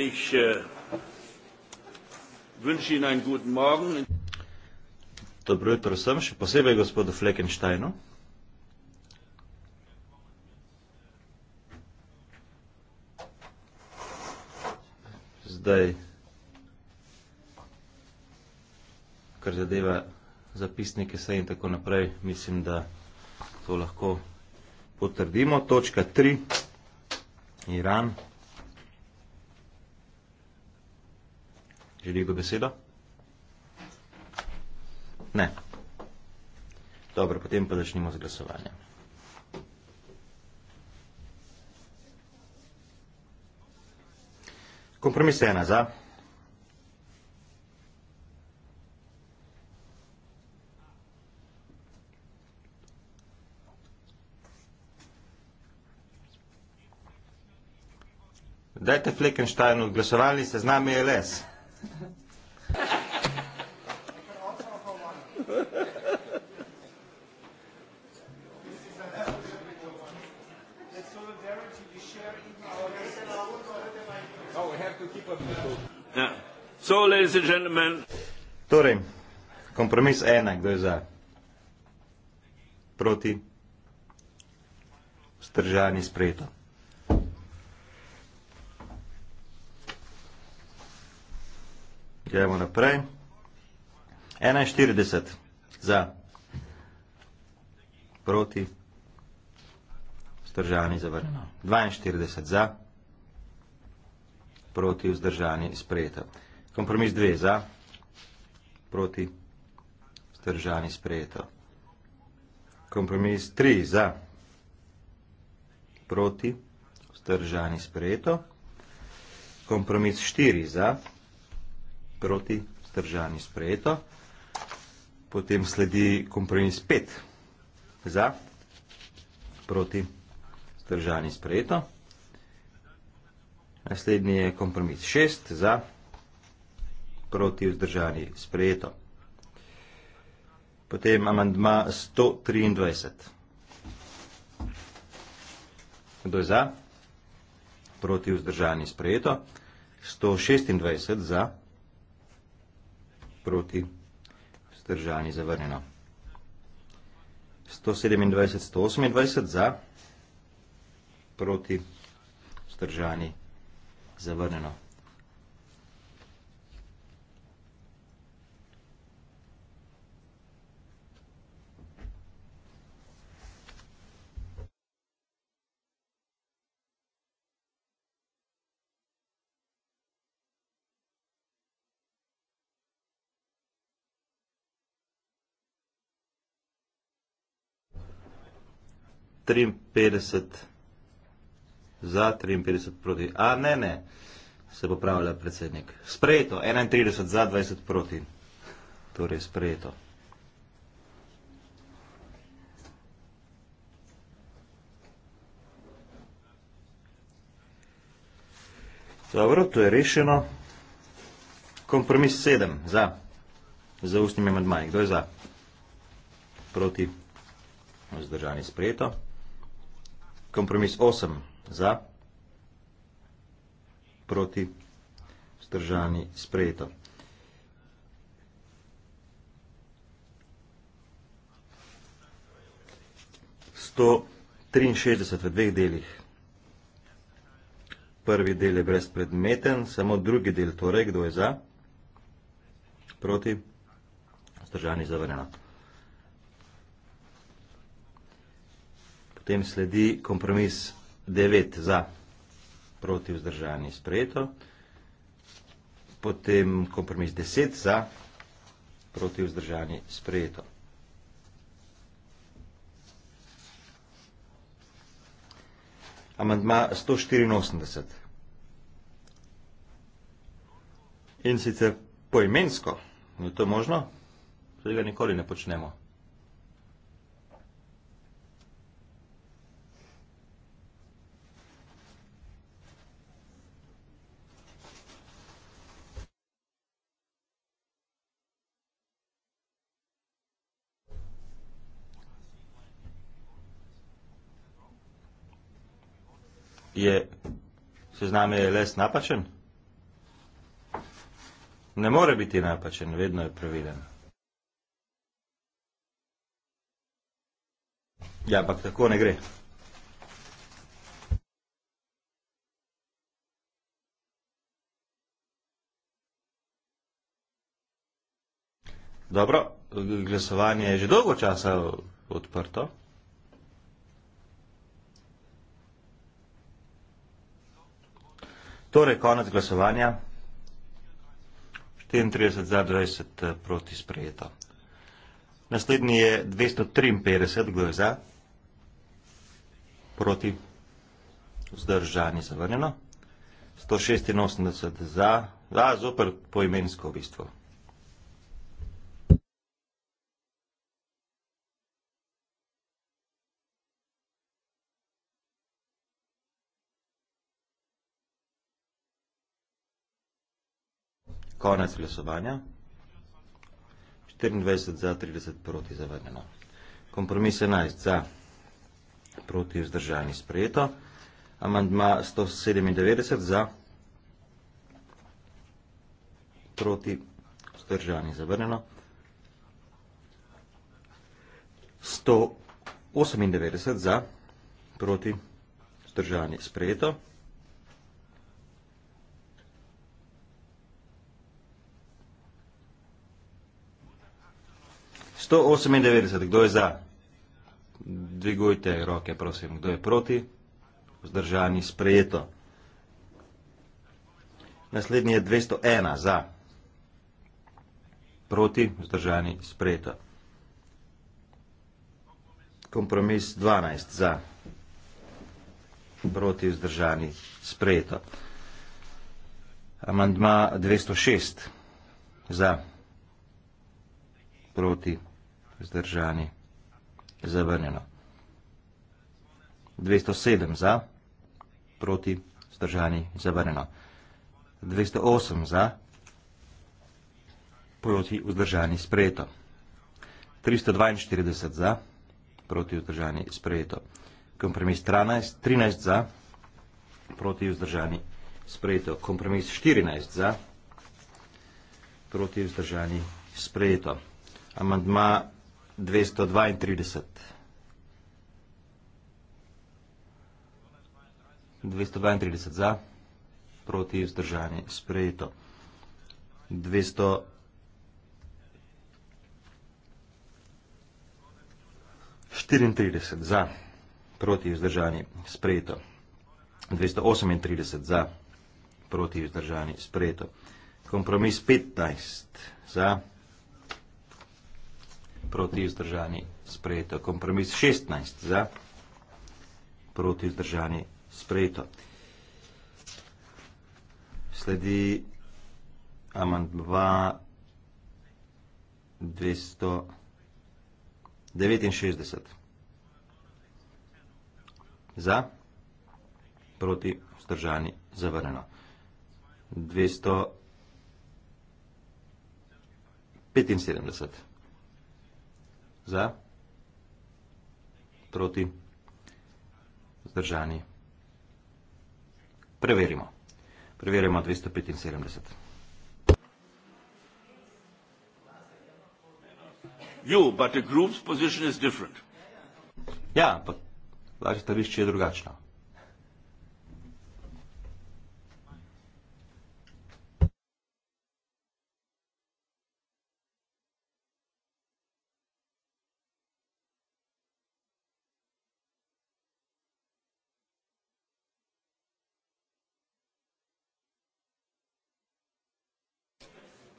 Ich äh, wünsche Ihnen einen guten Morgen. Dobro jutro vsem, še posebej gospodu Fleckensteinu. Zdaj, kar zadeva zapisnike sej in tako naprej, mislim, da to lahko potrdimo. Točka 3, Iran. Želi kdo besedo? Ne. Dobro, potem pa začnimo z glasovanjem. Kompromis ena za. Dajte Fleckensteinu glasovalni seznam ELS. Ja. Torej, kompromis ena, kdo je za? Proti? Stržani sprejeto. Gremo naprej. 41 za. Proti? Stržani zavrnjeno. 42 za proti vzdržanje sprejeta. Kompromis dve za, proti vzdržanje sprejeta. Kompromis tri za, proti vzdržanje sprejeta. Kompromis štiri za, proti vzdržanje sprejeta. Potem sledi kompromis pet za, proti vzdržanje sprejeta. Naslednji je kompromis 6 za proti vzdržani sprejeto. Potem amandma 123. Kdo je za? Proti vzdržani sprejeto. 126 za proti vzdržani zavrnjeno. 127, 128 za proti vzdržani zavrnjeno zavrnjeno. Triinpetdeset za 53 proti. A ne, ne, se popravlja predsednik. Sprejeto, 31 za 20 proti. Torej, sprejeto. Dobro, to je rešeno. Kompromis 7 za. Za ustnimi medmaji. Kdo je za? Proti. Zdržani sprejeto. Kompromis 8 za. Za? Proti? Vzdržani? Sprejeto. Sto 63 v dveh delih. Prvi del je brezpredmeten, samo drugi del torej, kdo je za? Proti? Zdržani zavrnjeno. Potem sledi kompromis 9 za, proti vzdržani sprejeto, potem kompromis 10 za, proti vzdržani sprejeto. Amandma 184. In sicer poimensko, je to možno? Tega nikoli ne počnemo. je seznam je les napačen? Ne more biti napačen, vedno je pravilen. Ja, ampak tako ne gre. Dobro, glasovanje je že dolgo časa odprto. Torej, konec glasovanja. 34 za 20 eh, proti sprejeto. Naslednji je 253 glasov za, proti vzdržani zavrnjeno. 186 za, da, zoper poimensko v bistvu. Konec glasovanja. 24 za, 30 proti zavrnjeno. Kompromis 11 za, proti vzdržani sprejeto. Amandma 197 za, proti vzdržani zavrnjeno. 198 za, proti vzdržani sprejeto. 198, kdo je za? Dvigujte roke, prosim. Kdo je proti? Vzdržani sprejeto. Naslednji je 201 za. Proti, vzdržani sprejeto. Kompromis 12 za. Proti, vzdržani sprejeto. Amandma 206 za. Proti, zdržani, zavrnjeno. 207 za, proti, zdržani, zavrnjeno. 208 za, proti, vzdržani, sprejeto. 342 za, proti, vzdržani, sprejeto. Kompromis 13, 13 za, proti, vzdržani, sprejeto. Kompromis 14 za, proti, vzdržani, sprejeto. Amandma 14. 232. 232 za, proti vzdržanje sprejeto. 234 za, proti vzdržanje sprejeto. 238 za, proti vzdržanje sprejeto. Kompromis 15 za, proti vzdržanje sprejeto proti izdržani sprejeto. Kompromis 16 za proti izdržani sprejeto. Sledi amandma 269 za proti vzdržani zavrneno. 275. Za? Proti? Zdržani? Preverimo. Preverimo 275. You, but the group's position is different. Ja, ampak vaše stališče je drugačno.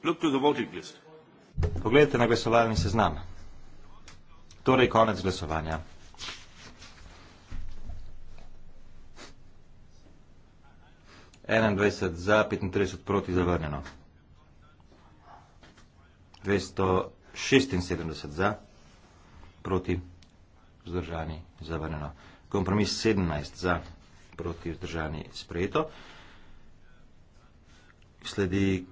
Look to the voting list. Poglejte na glasovalni seznam. Torej konec glasovanja. enaindvajset za, petintrideset proti, zavrnjeno. dvesto šestinsedemdeset za, proti, vzdržani, zavrnjeno. Kompromis sedemnajst za, proti, vzdržani, sprejeto. Sledi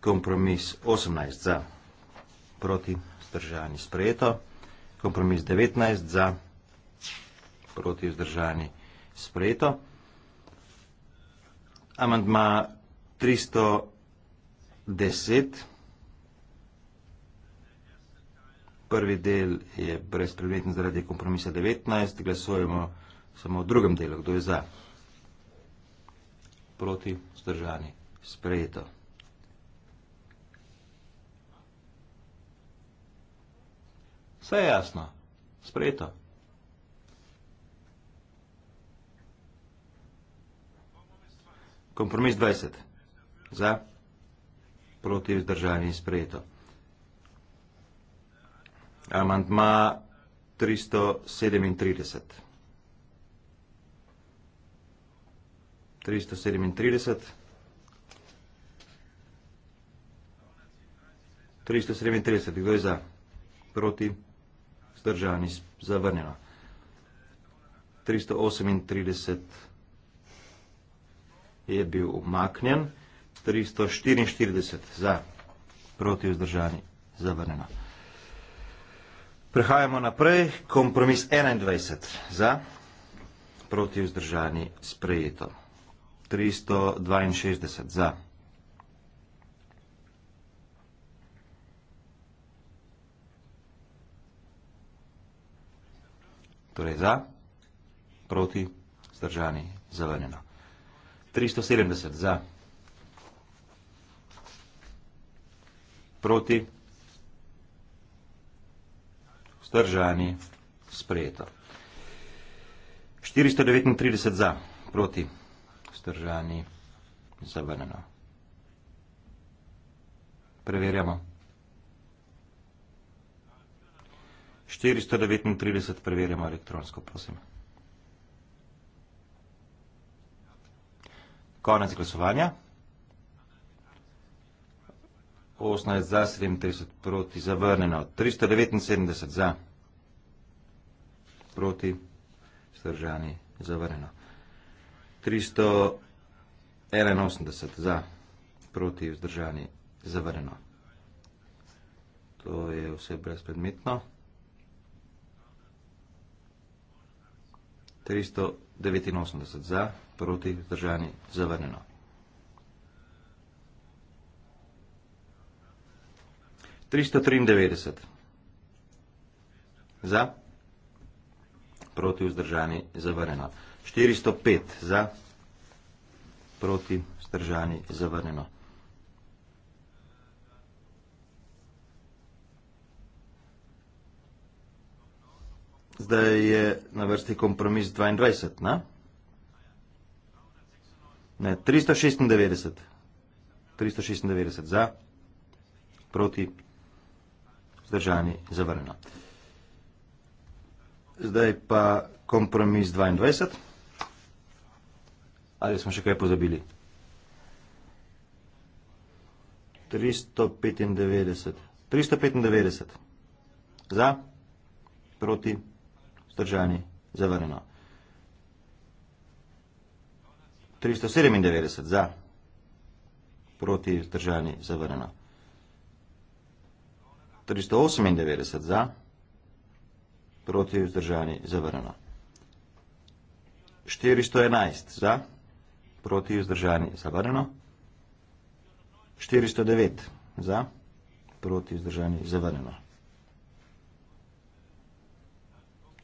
kompromis 18 za, proti vzdržani sprejeto, kompromis 19 za, proti vzdržani sprejeto, amandma 310, prvi del je brezpredmeten zaradi kompromisa 19, glasujemo samo v drugem delu, kdo je za, proti vzdržani sprejeto. Sprejeto. Vse je jasno, sprejeto. Kompromis 20. Za, proti vzdržanje in sprejeto. Amantma 337. 337. 337. Kdo je za? Proti zdržani, zavrnjeno. 338 je bil umaknjen, 344 za, proti vzdržani, zavrnjeno. Prehajamo naprej, kompromis 21 za, proti vzdržani, sprejeto. 362 za, proti vzdržani, sprejeto. torej za, proti, zdržani, zavrnjeno. 370 za, proti, zdržani, sprejeto. 439 za, proti, zdržani, zavrnjeno. Preverjamo. 439 preverjamo elektronsko, prosim. Konec glasovanja. 18 za, 37 proti, zavrneno. 379 za, proti, stržani, zavrneno. 381 za, proti, zdržani, zavrneno. To je vse brezpredmetno. 389 za, proti, vzdržani, zavrnjeno. Tristo triindevetdeset za, proti vzdržani, zavrnjeno. Štiristo pet za, proti vzdržani, zavrnjeno. zdaj je na vrsti kompromis 22, ne? Ne, 396. 396 za, proti, zdržani, zavrnjeno. Zdaj pa kompromis 22. Ali smo še kaj pozabili? 395. 395. Za, proti, zdržani. Zdržani, zavrnjeno. 397 za. Proti, zdržani, zavrnjeno. 398 za. Proti, zdržani, zavrnjeno. 411 za. Proti, zdržani, zavrnjeno. 409 za. Proti, zdržani, zavrnjeno. 411 za. Proti, zdržani, zavrnjeno.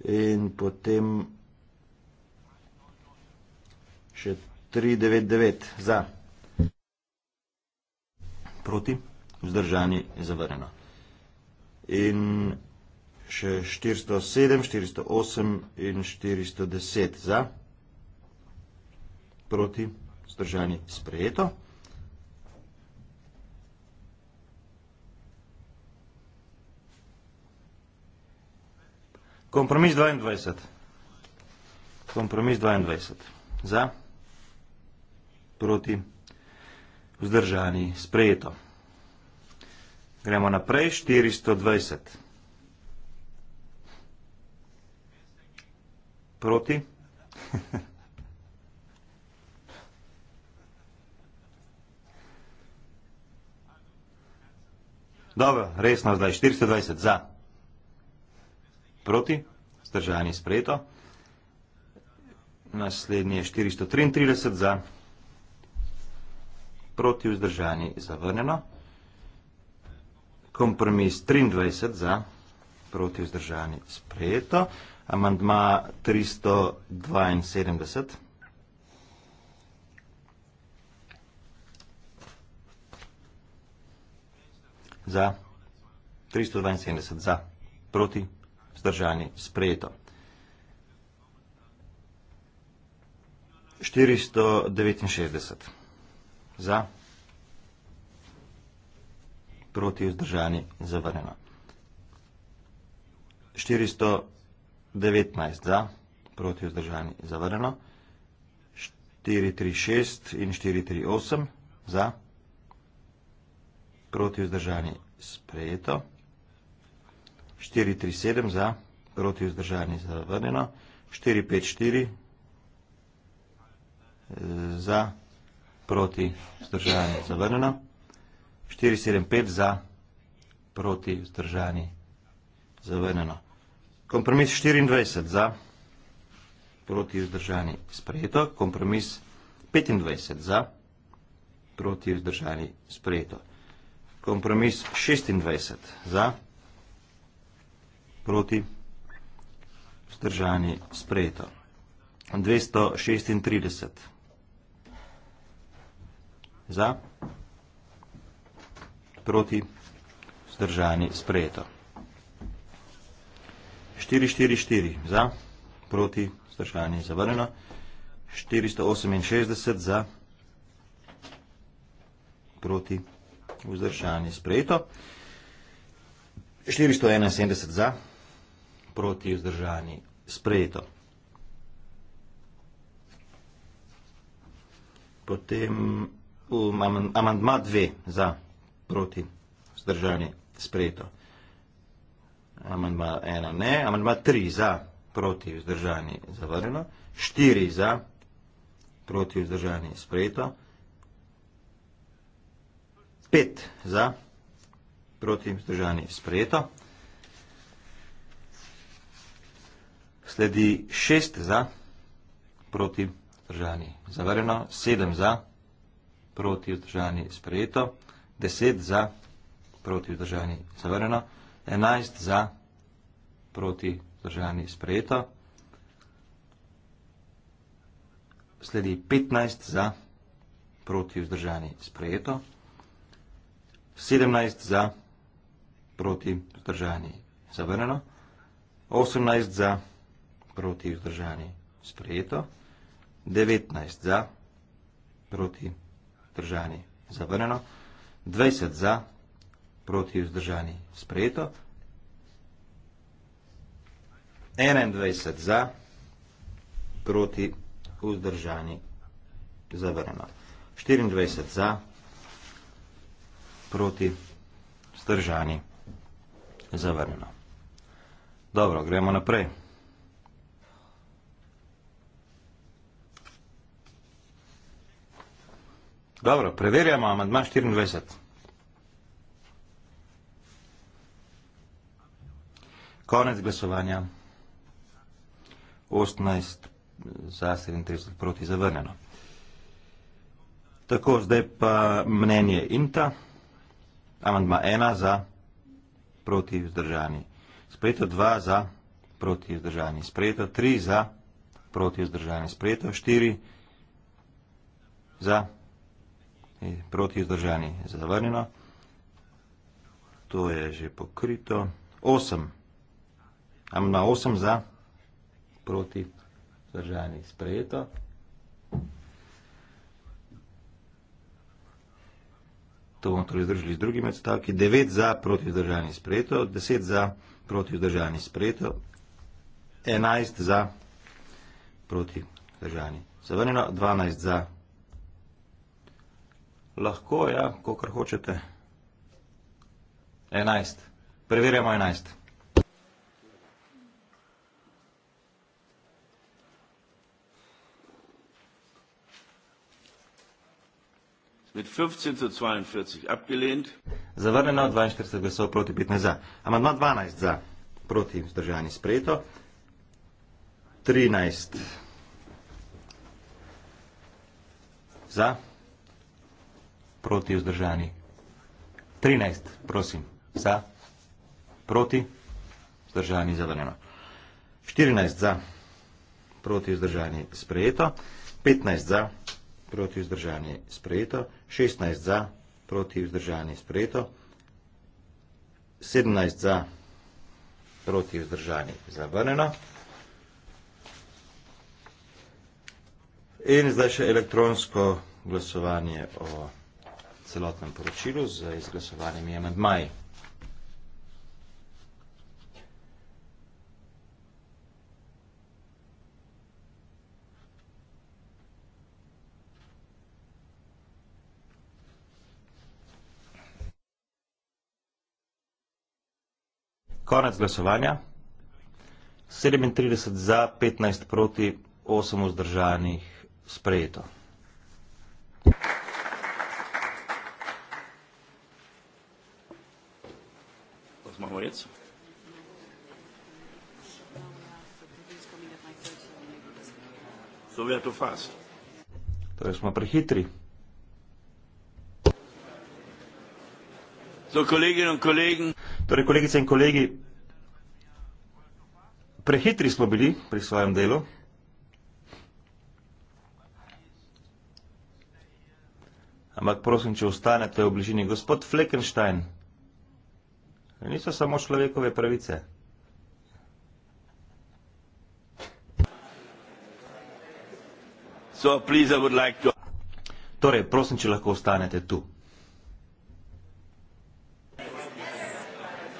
in potem še 399 za. Proti, vzdržani, zavrjeno. In še 407, 408 in 410 za. Proti, vzdržani, sprejeto. Kompromis 22. Kompromis 22. Za, proti, vzdržani, sprejeto. Gremo naprej, 420. Proti. Dobro, resno zdaj, 420, za proti, vzdržani sprejeto. Naslednji je 433 za, proti vzdržani zavrnjeno. Kompromis 23 za, proti vzdržani sprejeto. Amandma 372. Za, 372 za, proti vzdržani sprejeto vzdržani, sprejeto. 469 za, proti vzdržani, zavrnjeno. 419 za, proti vzdržani, zavrnjeno. 436 in 438 za, proti vzdržani, sprejeto. 4, 3, 7 za, proti vzdržani za vrneno, 4, 5, 4 za, proti vzdržani za vrneno, 4, 7, 5 za, proti vzdržani za vrneno. Kompromis 24 za, proti vzdržani sprejeto, kompromis 25 za, proti vzdržani sprejeto. Kompromis 26 za, proti vzdržani sprejeto proti, vzdržani sprejeto. 236 za, proti, vzdržani sprejeto. 444 za, proti, vzdržani zavrneno. 468 za, proti, vzdržani sprejeto. 471 za, proti, vzdržani sprejeto proti vzdržani sprejeto. Potem um, amandma dve za proti vzdržani sprejeto. Amandma ena ne, amandma tri za proti vzdržani zavrjeno, štiri za proti vzdržani sprejeto, pet za proti vzdržani sprejeto. Sledi šest za, proti vzdržani zavrjeno, sedem za, proti vzdržani sprejeto, deset za, proti vzdržani zavrjeno, enajst za, proti vzdržani sprejeto, sledi petnajst za, proti vzdržani sprejeto, sedemnajst za, proti vzdržani zavrjeno, osemnajst za, proti vzdržani sprejeto, proti vzdržani sprejeto, 19 za proti vzdržani zavrneno, 20 za proti vzdržani sprejeto, 21 za proti vzdržani zavrneno, 24 za proti vzdržani zavrneno. Dobro, gremo naprej. Dobro, preverjamo amandma 24. Konec glasovanja. 18 za 37 proti zavrneno. Tako, zdaj pa mnenje INTA. Amandma 1 za proti vzdržani. Sprejeto 2 za proti vzdržani. Sprejeto 3 za proti vzdržani. Sprejeto 4 za proti vzdržani proti vzdržani zavrnjeno. To je že pokrito. 8. Amo na 8 za proti vzdržani sprejeto. To bomo torej zdržili z drugimi odstavki. 9 za proti vzdržani sprejeto. 10 za proti vzdržani sprejeto. 11 za proti vzdržani zavrnjeno. 12 za proti vzdržani sprejeto. Lahko, ja, kako hočete. 11. Preverjamo 11. Mit 15 zu 42 abgelehnt. Zavrnjeno 42 glasov proti 15 za. Amandma 12 za proti vzdržani sprejeto. 13 za. Proti vzdržani. 13, prosim. Za. Proti. Vzdržani zavrnjeno. 14 za. Proti vzdržani sprejeto. 15 za. Proti vzdržani sprejeto. 16 za. Proti vzdržani sprejeto. 17 za. Proti vzdržani zavrnjeno. In zdaj še elektronsko glasovanje o vzdržani celotnem poročilu z izglasovanimi amendmaji. Konec glasovanja. 37 za, 15 proti, 8 vzdržanih sprejeto. z mojim otcem. So we are too fast. Torej smo prehitri. So kolegi in kolegi. Torej kolegice in kolegi, prehitri smo bili pri svojem delu. Ampak prosim, če ostanete v bližini, gospod Fleckenstein. Niso samo človekove pravice. Torej, prosim, če lahko ostanete tu.